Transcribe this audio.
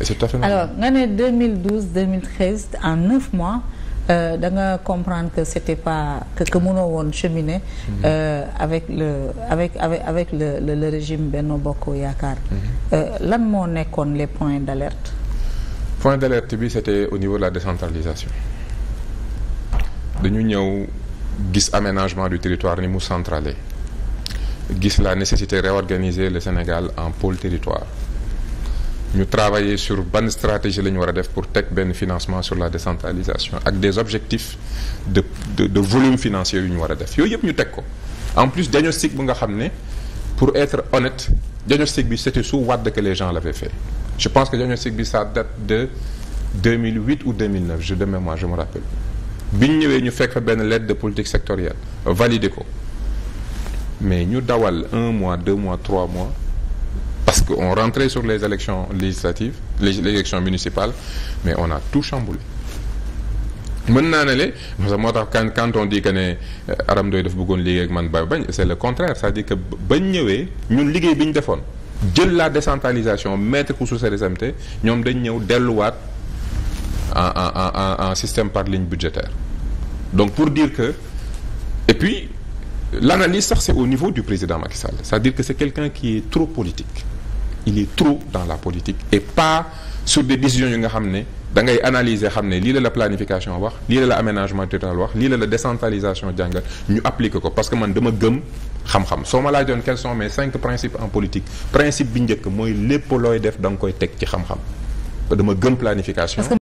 et c'est tout à fait normal. alors nga ne 2012 2013 en neuf mois euh, da nga comprendre que c'était pas que que mënoo woon cheminer. Mhm. Euh, avec le avec avec avec le le, le régime Benno Bokk Yaakaar. Mhm. Euh, lan moo nekkoon les points d'alerte. point d'alerte bi c'était au niveau de la décentralisation dañu ñëw gis aménagement du territoire ni mu centralé gis la nécessité réorganiser le Sénégal en pôle territoire. ñu travailler sur ban stratégie la ñu war a def pour teg benn financement sur la décentralisation ak des objectifs de de, de volume financier yu ñu war a def yooyu yëpp ñu teg ko en plus diagnostic bu nga xam ne pour être honnête diagnostic bi c'était sous Wade que les gens l'avaient fait je pense que diagnostic bi ça date de 2008 ou 2009 je de mémoire je me rappelle bi ñu ñëwee ñu fekk fa benn lettre de politique sectorielle validé ko mais ñu dawal un mois deux mois trois mois parce que on rentrait sur les élections législatives les élections municipales mais on a tout chamboulé mën naa ne le moo tax quand on dit que ne euh, Aram Ndoye def bëggoon liggéey ak man ba bañ c'est le contraire c'est-à-dire que bañ ñëwee ñun liggéey bi ñu defoon jël la décentralisation mettre ko sous sa responsabilité ñoom dañ ñëw delluwaat en en en en système par ligne budgétaire donc pour dire que et puis l'analyse sax c'est au niveau du président Macky Sall c'est-à-dire que c'est quelqu'un il est trop dans la politique et pas sur des décisions yu nga xam ne da ngay xam ne lii la la planification wax lii la la aménagement total wax lii la la décentralisation jàngal ñu appliquer ko parce que man dama gëm xam-xam soo ma laajoon quels sont mais cinq principes en politique principe bi njëkk mooy lépp looy def da koy teg ci xam-xam dama gëm planification